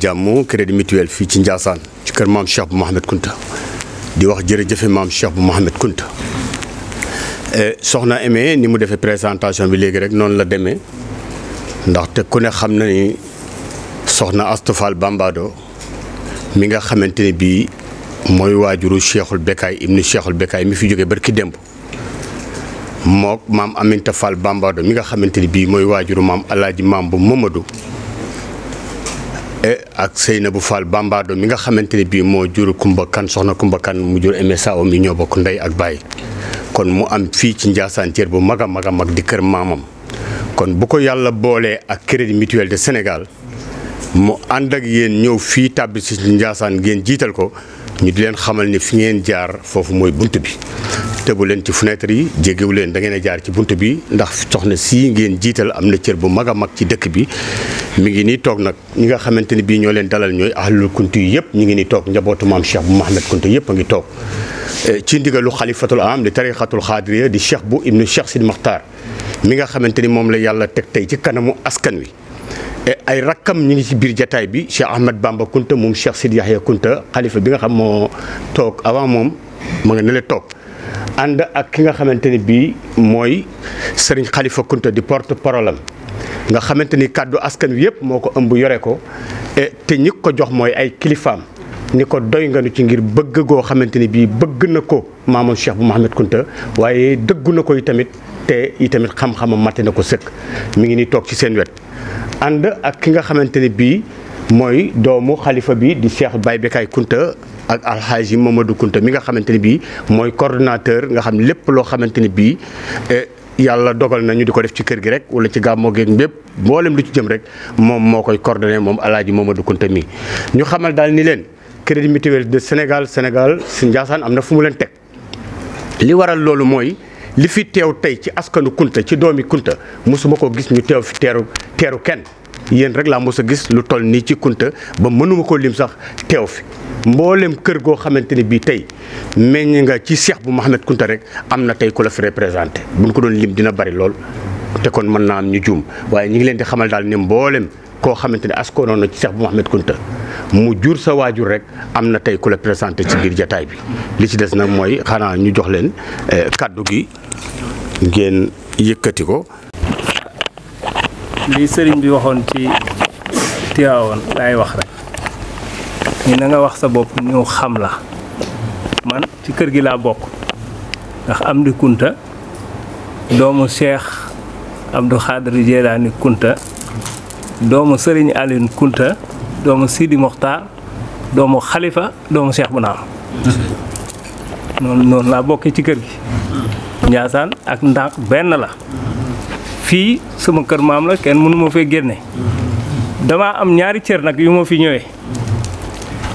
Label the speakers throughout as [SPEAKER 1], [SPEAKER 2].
[SPEAKER 1] Sénégal jàmm crédit mutuel fii ci Ndiassane ci kër maam Cheikh bu Mohamed Kunta di wax jërëjëfe maam Cheikh bu Mohamed Kunta e, soxna Aimé ni mu defee présentation bi léegi rek noonu la demee ndaxte ku ne xam na soxna Astafal Bambado mi nga xamante ne bii mooy waajuru Cheikhul Bekkaay ibnu Cheikhul Bekkaay mi fi jógee barki demb mook maam Aminta Fall Bambado mi nga xamante ni bii mooy waajuru maam alaaji maam bu Mamadou E ak na bu Fall Bambado mi nga xamante ne bii moo jur Kumba Kan soxna Kumba Kan mu jur MSAO mi ñoo bokk ndey ak baay kon mu am fii ci Ndiassane cër bu mag a mag a mag di kër maamam kon bu ko yàlla boolee ak Crédit Mutuel de Sénégal mu ànd ak yéen ñëw fii tàbbi si Ndiassane ngeen jiital ko. ñu di leen xamal ni fi ngeen jaar foofu mooy bunt bi tegu leen ci fenêtre yi jéggiwu leen da ngeen a jaar ci bunt bi ndax soxna si ngeen jiital am na cër bu mag a mag ci dëkk bi mu ngi nii toog nag ñi nga xamante ni bii ñoo leen dalal ñooy ahlul kunti yi yëpp ñu ngi nii toog njabootu maam Cheikh bu Mahamed Kunti yëpp a ngi toog e, ci ndigalu xalifatul am di tarixatul xaadiriya di cheikh bu ibnu cheikh Sidi Maxtaar mi nga xamante ni moom la yàlla teg tey ci kanamu askan wi ay rakkam ñi ngi ci biir jataay bi Cheikh Ahmad Bamba Kunta moom Cheikh Sidi Yahya Kunta xalifa bi nga xam moo toog avant moom ma nga ne la toog ànd ak ki nga xamante ni bii mooy Serigne xalifa Kunta di porte parole nga xamante ni kàddu askan wi yëpp moo ko ëmb yore ko te ñi ko jox mooy ay kilifaam. ni ko doy nga nu ci ngir bëgg goo xamante ni bii bëgg na ko maamoon Cheikh bu Mouhamed Kunta waaye dëggu na ko itamit te itamit xam-xamam mate na ko sëkk mu ngi ni toog ci seen wet ànd ak ki nga xamante ni bii mooy doomu xalifa bi di Cheikh Baye Bekaay Kunta ak alxaaji Mamadou Kunta mi nga xamante ni bii mooy coordonnateur nga xam lépp loo xamante ni bii eh, yàlla dogal na ñu di ko def ci kër gi rek wala ci gàmmoo geeg bépp mboolem lu ci jëm rek moom moo koy coordonné moom alaaji Mamadou Kunta mii ñu xamal crédit mutuel de Sénégal Sénégal si Ndiassane am na fu mu leen teg li waral loolu mooy li fi teew tey ci askanu Kunta ci doomi Kunta mosuma ko gis ñu teew fi teeru teeru kenn yéen rek laa mos a gis lu toll nii ci Kunta ba mënuma ko lim sax teew fi mboolem kër goo xamante ni bii tey meññ nga ci Cheikh bu Mouhamed Kunta rek am na tey ku la fi représenté buñ ko doon lim dina bari lool te kon mën naa am ñu juum waaye ñu ngi leen di xamal daal ni mboolem koo xamante ne askanoon na ci Cheikh bu Mouhamed Kunta mu jur sa waajur rek am na tey ku la présenté ci biir jataay bi li ci des nag mooy xanaa ñu jox leen eh, kàddu gi ngeen yëkkati ko.
[SPEAKER 2] li sëriñ bi waxoon ci Tiwaawoon laay wax rek ni na nga wax sa bopp ñu xam la man ci kër gi laa bokk ndax Amdi Kunta doomu Cheikh Abdou Khadir Jeelaani Kunta doomu Sëriñ Alioune Kunta doomu Sidi Mokhtar doomu Khalifa doomu Cheikh Bounama non non la bokki ci keur gi ñaasan ak Ndank ben la fi sama keur maam la ken mënu dama am ñaari cieur nak yu ma fi ñëwé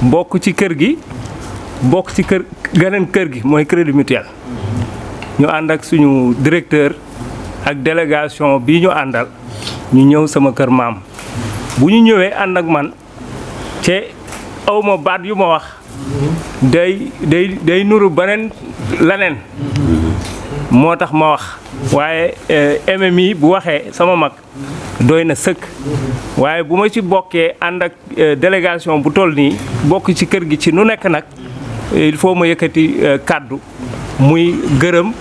[SPEAKER 2] bokku ci keur gi bokku ci keur geneen keur gi moy crédit mutuel ñu and ak suñu directeur ak délégation bi ñu andal ñu ñëw sama keur maam bu ñu ak man ce awma baat yu ma wax day day day nuru beneen leneen moo tax ma wax waaye eh, MMI bu waxee sama mag doy na sëkk waaye bu ma ci bokkee ànd ak eh, délégation bu toll nii bokk ci kër gi ci nu nekk nag il faut ma yëkkati eh, kàddu muy gërëm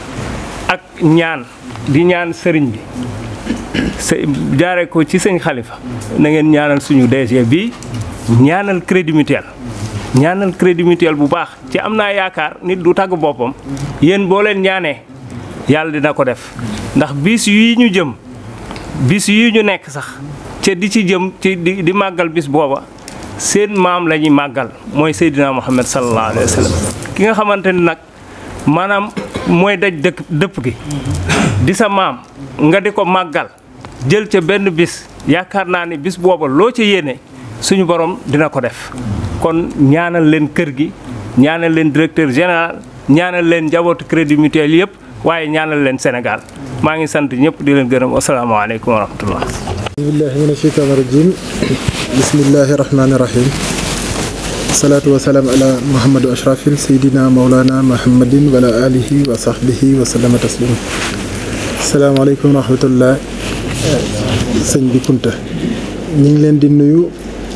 [SPEAKER 2] ak ñaan di ñaan sëriñ bi jaare ko ci sëñ xalifa na ngeen ñaanal suñu DG bi ñaanal crédit mutuel ñaanal crédit mutuel bu baax ci am naa yaakaar nit du tàgg boppam yéen boo leen ñaanee yàlla dina ko def ndax biis yi ñu jëm bis yi ñu nekk sax te di ci jëm ci di di màggal bis booba seen maam lañuy màggal mooy Seydina Muhammad sallallahu alayhi wa sallam ki nga xamante ni nag maanaam mooy daj dëkk dëpp gi di sa maam nga di ko màggal jël ca benn bis yaakaar naa ne bis booba loo ca yéene suñu borom dina ko def kon ñaanal leen kër gi ñaanal leen directeur général ñaanal leen njabootu crédit mutuel yëpp waaye ñaanal leen Sénégal maa ngi sant ñëpp di leen gërëm asalaamaaleykum wa rahmatullah
[SPEAKER 3] bismillahi min asheytaani rajim bismillahi rahmaani rahim salaatu wasalaam ala muhammadu ashrafil seydina maulana muhammadin wa ala alihi wa sahbihi wa sallama taslima bi Kunta ñu ngi leen di nuyu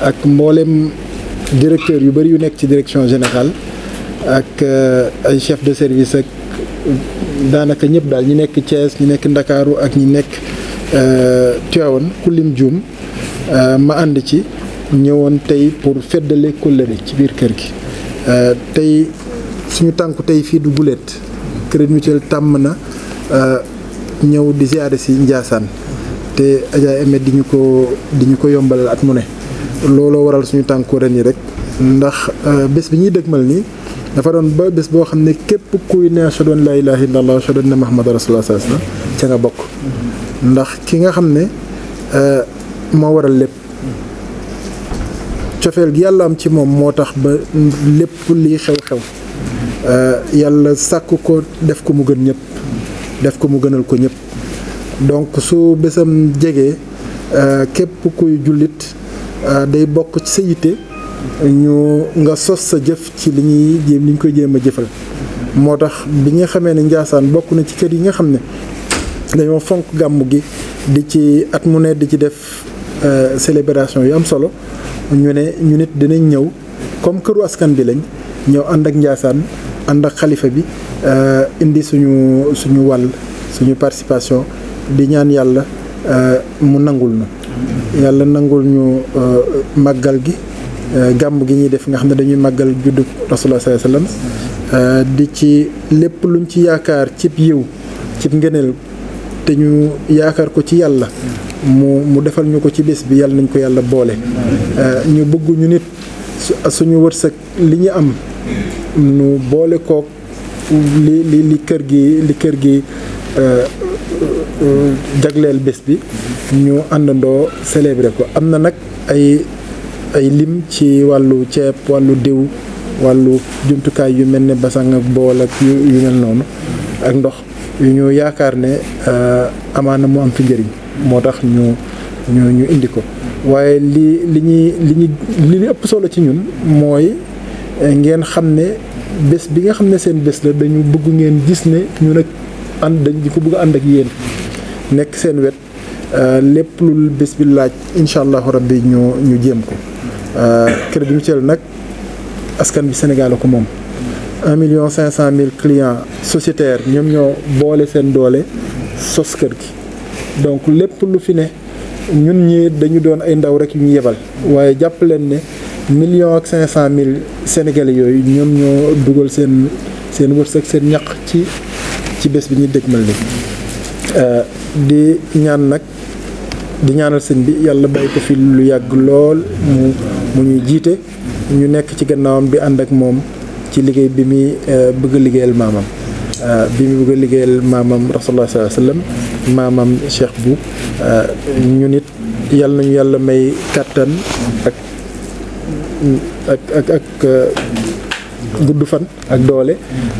[SPEAKER 3] ak mbooleem directeur yu bëri yu nekk ci direction général ak euh, ay chef de service ak daanaka ñëpp daal ñi nekk Thiès ñi nekk Ndakaaru ak ñi nekk euh, Tivaouane kulim juum euh, ma ànd ci ñëwoon tey pour feddale kóllëre ci biir kër gi tey suñu tànku tey fii du guléet Crédit Mutuel tàmm na ñëw di ziare si Ndiassane te Adja Emet di ñu ko di ñu ko yombalal at mu ne looloo waral suñu tànku ren yi rek ndax euh, bés bi ñuy dëgmal nii dafa doon ba bés boo xam ne képp kuy ne ashhadu doon laa ilaaha illallaah ashhadu anna muhammadan a sallallahu alayhi wasallam ca nga bokk ndax ki nga xam ne euh, moo waral lépp cofeel yàlla am ci moom moo tax ba lépp lii xew-xew euh, yàlla sàkk ko def ko mu gën ñëpp def ko mu gënal ko ñëpp donc su bésam jegee képp kuy jullit Euh, day bokk ci sa yitte ñu nga sos sa jëf ci li ñuy jéem li ñu koy jéem a jëfal moo tax bi nga xamee ne Njaasaan bokk na ci kër yi nga xam ne dañoo fonk gàmmu gi di ci at mu ne di ci def euh, célébration yi am solo ñu ne ñu nit dinañ ñëw comme këru askan bi lañ ñëw ànd ak Njaasaan ànd ak xalifa bi euh, indi suñu suñu wàll suñu participation di ñaan yàlla mu nangul na yàlla nangul ñu euh, màggal gi euh, gàmm gi ñuy def nga xam ne dañuy màggal juddu rasulullah sallallahu alayhi euh, di ci lépp luñ ci yaakaar cib yiw cib ngëneel te ñu yaakaar ko ci yàlla mu mu defal ñu ko ci bés bi yàlla nañ ko yàlla boole ñu bëgguñu nit nit suñu wërsëg li ñu am nu boole kook li li li kër gi li kër gi Euh, jagleel bés bi ñu àndandoo célébrer ko am na nag ay ay lim ci wàllu ceeb wàllu diw wàllu jumtukaay yu mel ni basang ak bool ak yu yu mel noonu ak ndox yu ñu yaakaar ne euh, amaana mu am fi njëriñ moo tax ñu ñu indi ko waaye li li ñuy li ñuy ëpp solo ci ñun mooy eh, ngeen xam ne bés bi nga xam ne seen bés la dañu bëgg ngeen gis ne ñun ak ànd dañ ko bëgg ànd ak yéen nekk seen wet euh, lépp lu bés bi laaj incha allahu rabbi ñu ñu jéem ko euh, crédit mutuel nag askan bi Sénégal ko moom un million cinq cent mille clients sociétaires ñoom ñoo boole seen doole sos kër gi donc lépp lu fi ne ñun ñi dañu doon ay ndaw rek yu ñu yebal waaye jàpp leen ne million ak cinq cent sénégalais yooyu ñoom ñoo dugal seen seen wërsëg seen ñaq ci ci bés bi ñu dëgmal li di ñaan nag di ñaanal sëñ bi yàlla bàyyi ko fi lu yàgg lool mu mu ñuy jiite ñu nekk ci gannaawam bi ànd ak moom ci liggéey bi muy euh, bëgg a liggéeyal maamam euh, bi mu bëgg a liggéeyal maamam rasulullah sallallahu alayhi wasallam maamam cheikh bu euh, ñu nit yàlla yàlla may kàttan ak ak ak ak gudd fan ak doole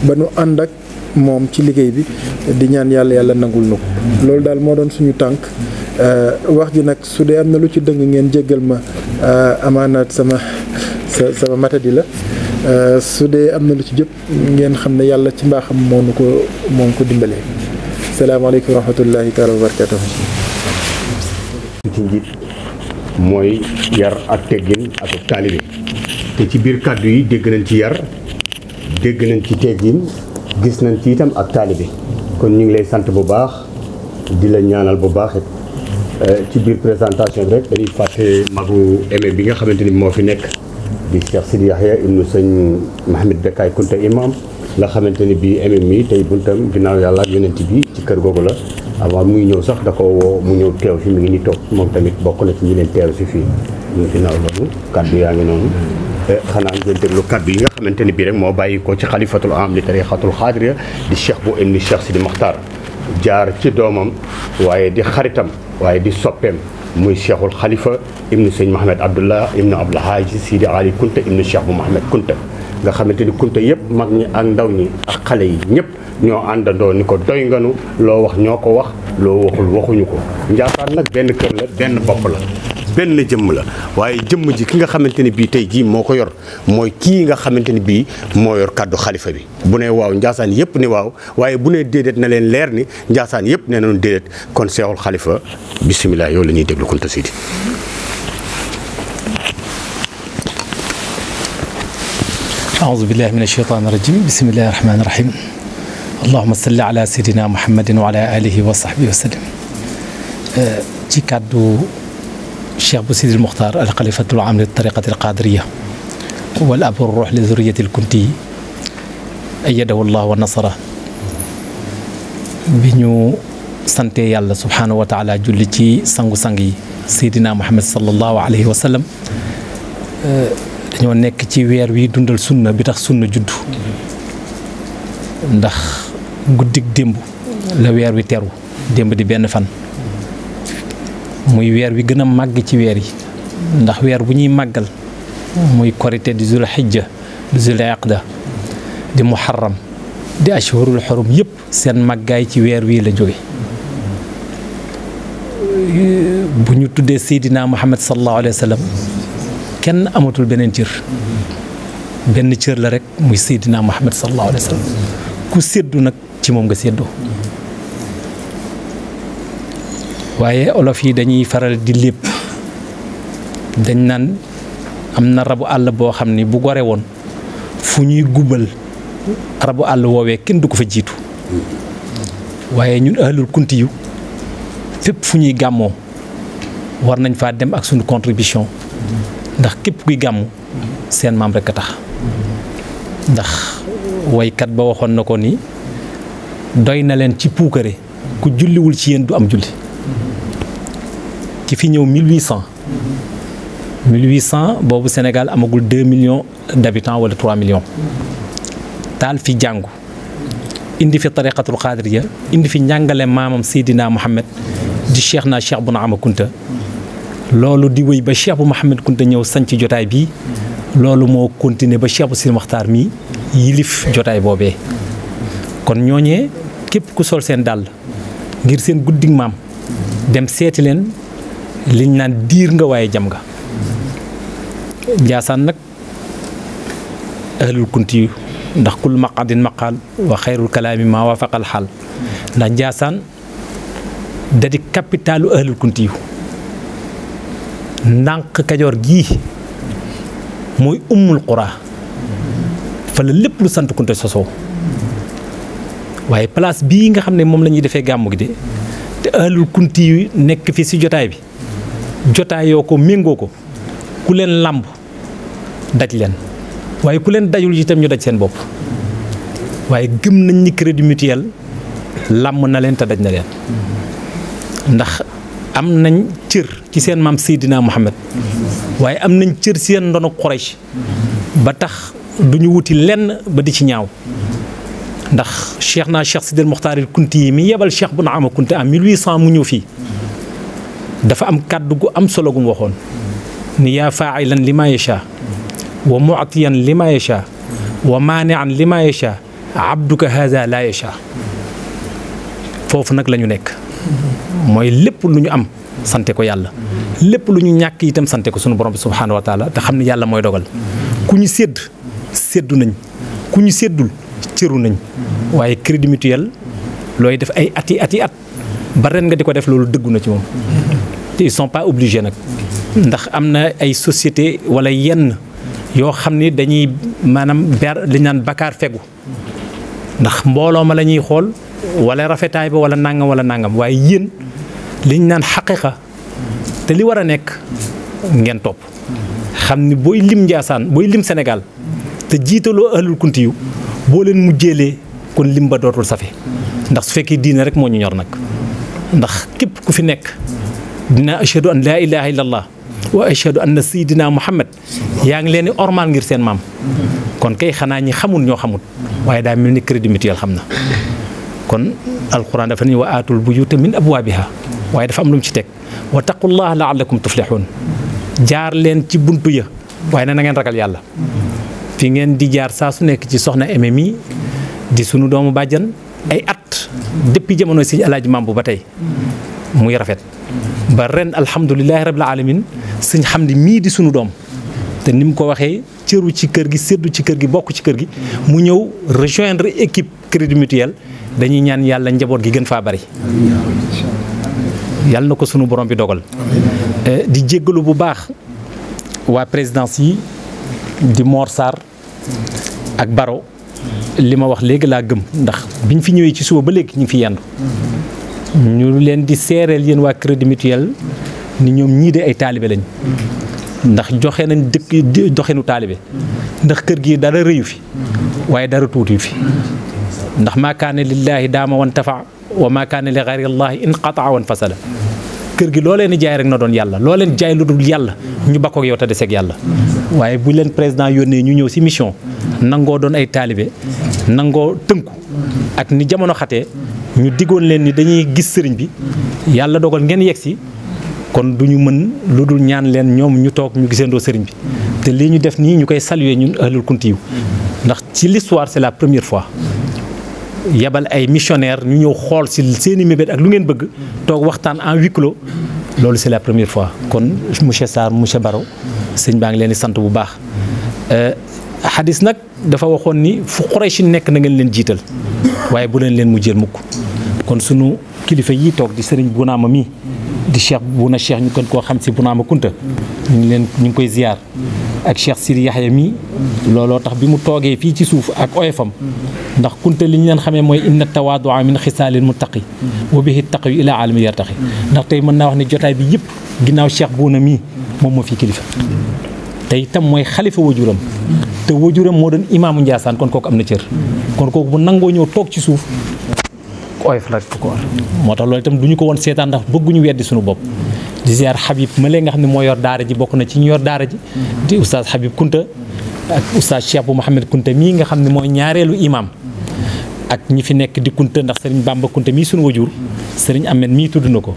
[SPEAKER 3] ba nu ànd ak moom ci liggéey bi di ñaan yàlla yàlla nangul na ko loolu daal moo doon suñu tànk euh, wax ji nag su dee am na lu ci dëng ngeen jéggal ma euh, amaanaat sama sama matadi la euh, su dee am na lu ci jëpp ngeen xam ne yàlla ci mbaaxam moo nu ko moo ko dimbalee salaamaaleykum wa rahmatullahi taala wa barakatuh
[SPEAKER 1] mooy yar ak teggin ak taalibe te ci biir kàddu yi dégg ci yar dégg nañ ci teggin gis nañ ci itam ak bi kon ñu ngi lay sant bu baax di la ñaanal bu baax it euh, ci biir présentation bi rek dañuy fàtte magu eme bi nga xamante ni moo fi nekk di Cheikh Sidi Yahya ibnu sëñ Mahamad Bekkaay Kunta imam nga xamante ni bii eme mi tey buntam ginnaaw yàlla ak yonent bi ci kër googu la avant muy ñëw sax da ko woo mu ñëw teew fi mu ngi ni toog moom tamit bokk na ci ñu leen teew si fii ginnaaw loolu kàddu yaa ngi noonu xanaa ngeen déglu kaddu yi nga xamante ni bii rek moo bàyyi ko ci xalifatul am li tarixatul xaadiriya di cheikh bu ibni cheikh sidi maxtaar jaar ci doomam waaye di xaritam waaye di soppeem muy cheikhul xalifa ibnu sëñ Mohamed Abdullah ibnu Abdul Haaji Sidi Ali Kunta ibnu cheikh bu Mohamed Kunta nga xamante ni Kunta yëpp mag ñi ak ndaw ñi ak xale yi ñëpp ñoo àndandoo ni ko doy nganu loo wax ñoo ko wax loo waxul waxuñu ko njaasaan nag benn kër la benn bopp la benn jëm la waye jëm ji ki nga xamanteni bi tay ji moko yor moy ki nga xamanteni bi mo yor kàddu khalifa bi bu ne waw njaasaan yep ni waw waye bu ne dedet na len leer ni njaasaan yep ne nañu dedet kon cheikhul khalifa bismillah yo lañuy déglu Kunta Sidi
[SPEAKER 4] أعوذ بالله من الشيطان الرجيم بسم الله الرحمن الرحيم اللهم صل على سيدنا محمد وعلى آله وصحبه وسلم جي كادو الشيخ بوسيدي المختار الخليفة العام للطريقة القادرية والأب الروح لذرية الكنتي أيده الله ونصره bi ñu sante yàlla subhaanahu wa taala julli ci sangu-sang yi seydina muhammad sallallahu alayhi wa sallam dañoo nekk ci weer wi dundal sunna bi tax sunna judd ndax guddik démb la weer wi teru démb di benn fan muy weer wi gën a màgg ci weer yi ndax weer bu ñuy màggal muy korité di zul xijja di zul aqda di muharram di ashhurul xurum yëpp seen màggaay ci weer wii la jóge bu ñu tuddee seydinaa Muhammad sallallahu alayhi wa kenn amatul beneen cër benn cër la rek muy seydinaa Muhammad sallallahu alayhi wa ku seddu nag ci moom nga seddoo waaye olof yi dañuy faral di lépp dañ naan am na rabu àll boo xam ni bu gore woon fu ñuy gubal rabu àll woowee kenn du ko fa jiitu waaye ñun ahlul kunti yu fépp fu ñuy gàmmoo war nañ faa dem ak sunu contribution ndax képp kuy gàmmu seen maam rek a tax ndax woykat ba waxoon na ko ni doy na leen ci puukare ku julliwul ci yéen du am julli ci fi ñëw 1800 1800 boobu Sénégal amagul 2 millions d' habitants wala 3 millions taal fi jàngu indi fi tariqatul xaadiriya indi fi njàngale maamam Seydina Mohamed di cheikh naa cheikh bu Naama Kunta loolu di wéy ba cheikh bu Mohamed Kunta ñëw sanc jotaay bi loolu moo continuer ba cheikh bu Sidi Maxtaar mi yilif jotaay boobee kon ñooñee képp ku sol seen dàll ngir seen guddig maam dem seeti leen liñ naan diir nga waaye jam nga njaasaan nag ahlul kunti yu ndax kul maqadin maqaal wa xayrul kalaami maa waafaqal xaal ndax njaasaan da di capitalu ahlul kunti yu ndànk kajoor gii mooy ummul qura fa la lépp lu sant kunte sosoo waaye place bii nga xam ne moom lañuy defee gàmmu gi de te ahlul kunti yu nekk fii ci jotaay bi jotaayoo ko méngoo ko ku leen làmb daj leen waaye ku leen dajul itam ñu daj seen bopp waaye gëm nañ ni crédit mutuel làmb na leen te daj na leen ndax am nañ cër ci seen maam Seydina Muhammad waaye am nañ cër seen ndono Quraysh ba tax duñu wuti lenn ba di ci ñaaw ndax cheikh naa cheikh Sidil Mokhtar al Kunti yi mi yebal cheikh bu na ama Kunti am mu ñëw fii dafa am kàddu gu am solo gu mu waxoon ni yaa faailan li ma yasha wa muatiyan li ma yasha wa maanian li ma yasha abduka haza la yasha foofu nag la ñu nekk mooy lépp lu ñu am sante ko yàlla lépp lu ñu ñàkk itam sante ko sunu borom bi subhaanahu wa taala te xam ne yàlla mooy dogal ku ñu sédd séddu nañ ku ñu séddul cëru nañ waaye crédit mutuel looy def ay ati ati at ba ren nga di ko def loolu dëggu na ci moom te ils pas obligés nag ndax am na ay société wala yenn yoo xam ni dañuy maanaam ber li naan bakkaar fegu ndax mbooloo ma la ñuy xool wala rafetaay ba wala nangam wala nangam waaye yéen liñ naan xaqiqa te li war a nekk ngeen topp xam ni booy lim Njaasaan booy lim Sénégal te jiitaloo ahlul kunti boo leen mu kon lim ba dootul safe ndax su fekkee diine rek moo ñu ñor nag ndax képp ku fi nekk dina ashhadu an laa ilaha illa wa ashhadu anna sayyidina muhammad yaa ngi leen di ormal ngir seen maam kon kay xanaa ñi xamul ñoo xamul waaye daa mel ni crédit mutuel xam na kon alquran dafa ni wa aatul buyuta waaye dafa am lu mu ci teg wa taqullaha laallakum tuflihun jaar leen ci bunt ya waaye na nangeen ngeen ragal yàlla fi ngeen di jaar saa su nekk ci soxna MMI di sunu doomu bàjjan ay at depuis jamono si alaaji maam bu ba tey muy rafet ba ren alhamdulilahi rabil alamin xam Hamdi mii di suñu doom te ni mu ko waxee cëru ci kër gi séddu ci kër gi bokk ci kër gi mu ñëw rejoindre équipe crédit mutuel dañuy ñaan yàlla njaboot gi gën faa bari yàlla na ko sunu borom bi dogal eh, di jéggalu bu baax waa présidence yi di Mor Sarr ak Baro li ma wax léegi laa gëm ndax biñ fi ñëwee ci suba ba léegi ñu fi yendu ñu leen di seereel yéen waa crédit mutuel ni ñoom ñii de ay taalibe lañ ndax joxe nañ dëkk doxinu taalibe ndax kër gi dara rëyu fi waaye dara tuuti fi ndax maa kaane lillaahi daama wan tafa wa maa kaane li xayri llaahi in qataa wan fasala kër gi loo leen jaay rek na doon yàlla loo jaay lu dul yàlla ñu bakkoog yow te deseeg yàlla waaye bu leen président yónnee ñu ñëw si mission nangoo doon ay taalibe nangoo tënku ak ni jamono xatee ñu diggoon leen ni dañuy gis sëriñ bi yàlla dogal ngeen yegg si kon du ñu mën lu dul ñaan leen ñoom ñu toog ñu gisandoo sëriñ bi te lii ñu def nii ñu koy saluer ñun ahlul kunti ndax ci l'histoire c'est la première fois yebal ay missionnaire ñu ñëw xool si seeni mébét ak lu ngeen bëgg toog waxtaan en huis clos loolu c'est la première fois kon monsieur Sarr monsieur Baro sëñ baa ngi leen di sant bu baax xadis euh, nag dafa waxoon ni fu Quraysh nekk na ngeen leen jiital waaye bu leen leen mu jël mukk kon sunu kilifa yi toog di sëriñ Bunaama mi di cheikh Buna cheikh ñu gën koo xam si Bunaama Kunta ñu ngi ñu ngi koy ziar ak cheikh Siri mi looloo tax bi mu toogee fii ci suuf ak oyofam ndax Kunta li leen xamee mooy inna tawaadua min xisaalil muttaqi wa bihi taqwi ila alami yartaqi ndax tey mën naa wax ne jotaay bi yëpp ginnaaw cheikh Buna mi moom moo fi kilifa te itam mooy xalifa wajuram te wajuram moo doon imaamu Njaasaan kon kooku am na cër kon kooku bu nangoo ñëw toog ci suuf oyof la ko moo tax loolu itam du ñu ko woon seetaan ndax bëgguñu weddi suñu bopp di ziar Habib Malé nga xam ne moo yor daara ji bokk na ci ñu yor daara ji di oustaz Habib Kunta ak oustaz Cheikh bu Mouhamed mii nga xam ne mooy ñaareelu imaam ak ñi fi nekk di Kunta ndax sëriñ Bamba Kunta mii suñu wajur sëriñ Ahmed mii tudd na ko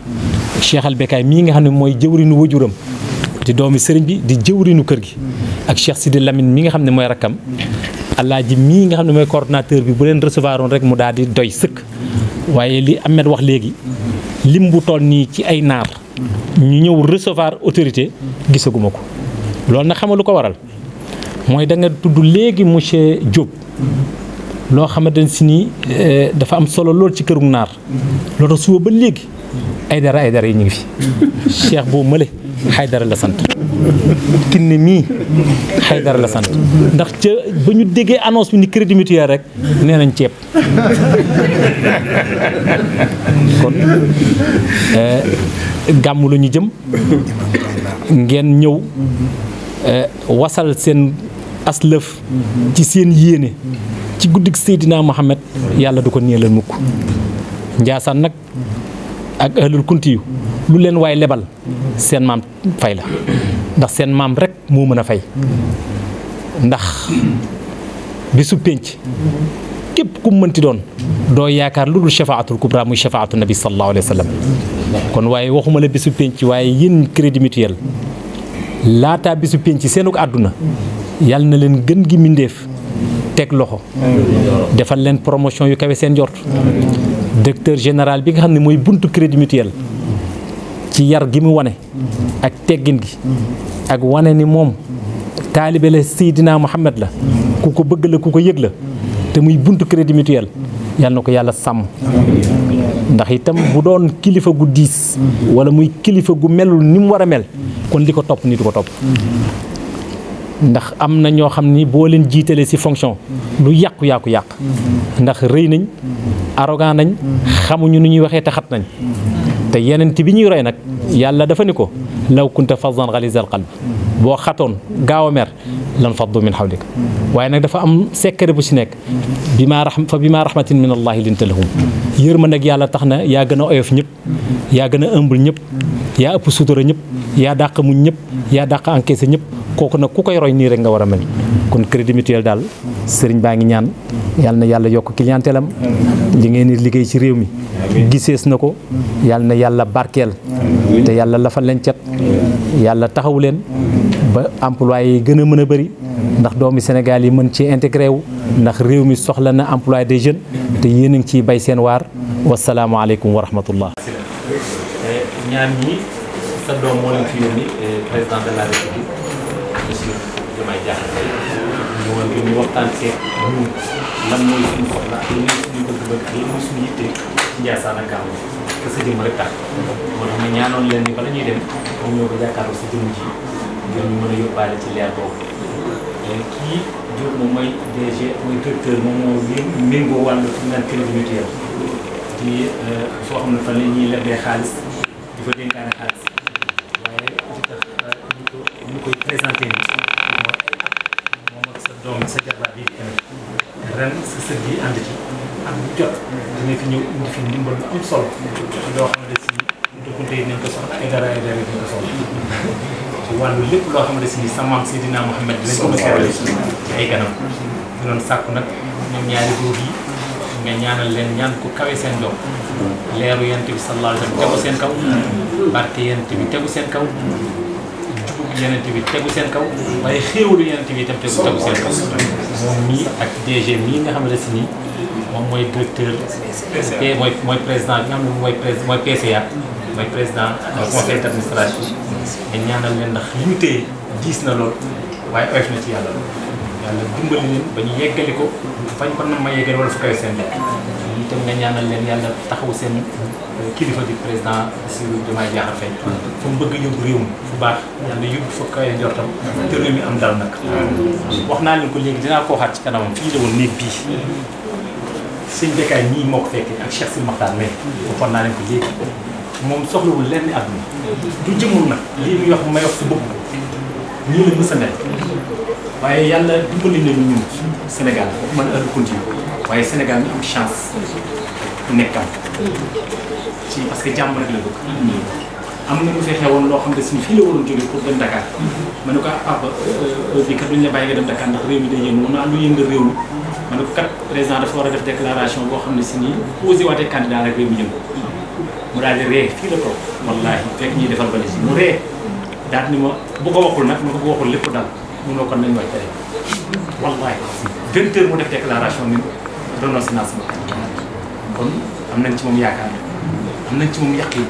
[SPEAKER 4] Cheikh Albekaay mii nga xam ne mooy jëwrinu wajuram di doomi sëriñ bi di jëwrinu kër gi ak Cheikh Sidi lamin mi nga xam ne mooy rakkam alaaji mii nga xam ne mooy coordonnateur bi bu leen recevoir rek mu daal di doy sëkk waaye li Ahmed wax léegi lim bu toll nii ci ay naar ñu ñëw recevoir autorité gisaguma ko loolu nag xamal lu ko waral mooy da nga tudd léegi monsieur Diop loo xamante ne si nii eh, dafa am solo lool ci këru naar loolu tax suba ba léegi ay dara ay dara yi ñu ngi fi Cheikh boo mële xay dara la sant kinne mii Haydara la sant ndax ca ba ñu déggee annonce bi ni crédit mutuel rek nee nañ ceeb kon eh, gàmmu la ñu jëm ngeen ñëw eh, wasal seen aslëf ci seen yéene ci guddik Seydina Mohamed yàlla du ko néelal mukk Njaasaan nag ak ahlul kunti lu leen waaye lebal seen maam fay la ndax seen maam rek moo mën a fay ndax bisu pénc képp ku mënti doon doo yaakaar lu dul shafaatul kubra muy shafaatu nabi sallallahu alayhi wa sallam kon waaye waxuma la bisu pénc waaye yéen crédit mutuel laataa bisu pénc seenuk àdduna yàlla na leen gën gi mindeef teg loxo defal leen promotion yu kawe seen jort directeur général bi nga xam ne mooy bunt crédit mutuel ci yar gi mu wane ak teggin gi ak wane ni moom taalibe la Seydina Muhammad la ku ko bëgg la ku ko yëg la te muy bunt crédit mutuel yal na ko yàlla sàmm ndax itam bu doon kilifa gu diis wala muy kilifa gu melul ni mu war a mel kon li ko topp nit ko topp ndax am na ñoo xam ni boo leen jiitalee si fonction lu yàqu yàqu yàq ndax rëy nañ arrogant nañ xamuñu nu ñuy waxee taxat nañ تيان انت بيني رأيك يا الله دفنكو لو كنت فظا غليظ القلب بوخاتون جاومر لنفضوا من حولك وانا دفا ام سكر بوشنك بما رحم فبما رحمه من الله لنت لهم يرمنك يا تخنا يا غنا اوف نيب يا غنا امبل نيب يا اب سودور نيب يا داق مون نيب يا داق انكيس نيب كوكو نا كوكاي روي ني كون كريدي ميتيل دال سيرن باغي نيان yal na yàlla yokk clientèle am li ngeen di liggéey ci réew mi gisees na ko yal na yàlla barkeel te yàlla lafal leen cet yàlla taxaw leen ba employé yi gën a mën a bëri ndax doomi Sénégal yi mën ci intégré wu ndax réew mi soxla na emploi des jeunes te yéen a ciy bay seen waar wasalaamaaleykum wa rahmatullah lan mooy suñu soxla lan mooy suñu bëgg-bëgg lan mooy suñu yitte ci Ndiassane ak Gàmmu te sa jëmm rek tax moo tax ma ñaanoon leen ni bala ñuy dem moom ñoo ko jàkkaarloo sa jëmm ji ngir ñu a yóbbaale ci leer boobu kii Diop moom mooy DG mooy directeur moom moo ngi méngoo wàllu fi naan crédit mutuel di euh, soo xam ne fan la ñuy lebee xaalis di fa dénkaane xaalis ren sa sët yi ànd am ñu jot dina fi ñëw indi fi ndimbal lu am solo loo xam ne si dëkkute yi nañ ko soxla ay dara ay lépp loo xam ne si sa maam Seydina Mouhamed dinañ ko seetal ci ay ganam di doon sàkku nag ñoom ñaari góor yi nga ñaanal leen ñaan ku kawe seen doom leeru yent bi sallallahu alayhi wa sallam tegu seen kaw barke yent bi tegu seen kaw jubub yent bi tegu seen kaw waaye xéewalu yent bi itam tegu tegu seen kaw moom mii ak DG mii nga xamante si nii moom mooy directeur mooy mooy président bi nga xam ne mooy mooy PCA mooy président conseil d' administration nga ñaanal leen ndax li ñu téye diis na lool waaye oyof na ci yàlla yàlla dimbali leen ba ñu yeggali ko fañ ko na ma yeggali wala fu koy seen bopp itam nga a leen yàlla taxaw seen euh, kilifa di président Bassirou Diomaye Diakhar Faye fa mu bëgg yóbbu réew mi fu baax yàlla yóbbu fa kawe njortam te réew mi am dal nag wax naa leen ko léegi dinaa ko ci kanamam fii la woon néeg bii sëñ Bekaay moo ko fekkee ak Cheikh Sy Makhtar moom soxlawul lenn àdduna du jëmul nag lii muy wax may wax si bëgg ko ñii la mës a mel waaye yàlla dimbali nañu ñun Sénégal man heure Kounta waaye Sénégal ñu am chance nekkam ci parce que jàmm rek la bëgg. am na lu fi xewoon loo xam ne suñu fii la waroon jógee pour dem Dakar. ma ne ko ah papa euh, euh, bi kat duñ dem Dakar ndax réew mi day yëngu mën na am lu yëngal réew mi ma kat président dafa war a def déclaration boo xam ne si nii posé waatee candidat rek réew mi yëngu. mu daal ree fii la toog wallaahi fekk ñuy defal ba mu ree daal ni ma bu ko waxul nag ma ko bu waxul lépp daal mënoo kon nañ waaj tere. wallaay vingt heures mu def déclaration ni renoncé naa sama
[SPEAKER 2] kon am nañ ci moom yaakaar am nañ ci moom yàqin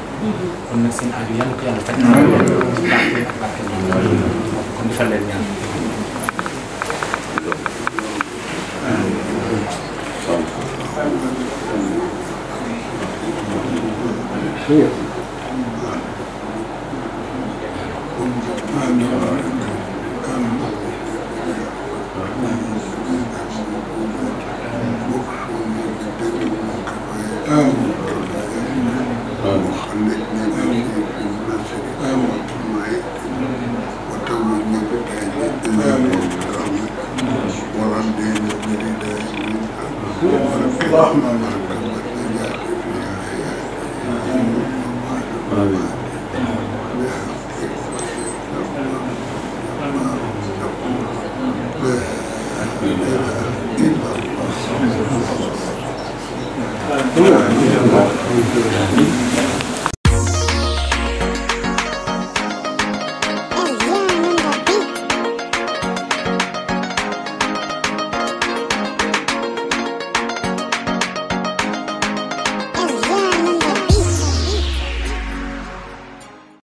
[SPEAKER 2] kon nag seen aajo yàlla ko yàlla faj na barke ak barke kon defal leen ñaan
[SPEAKER 3] Thank you.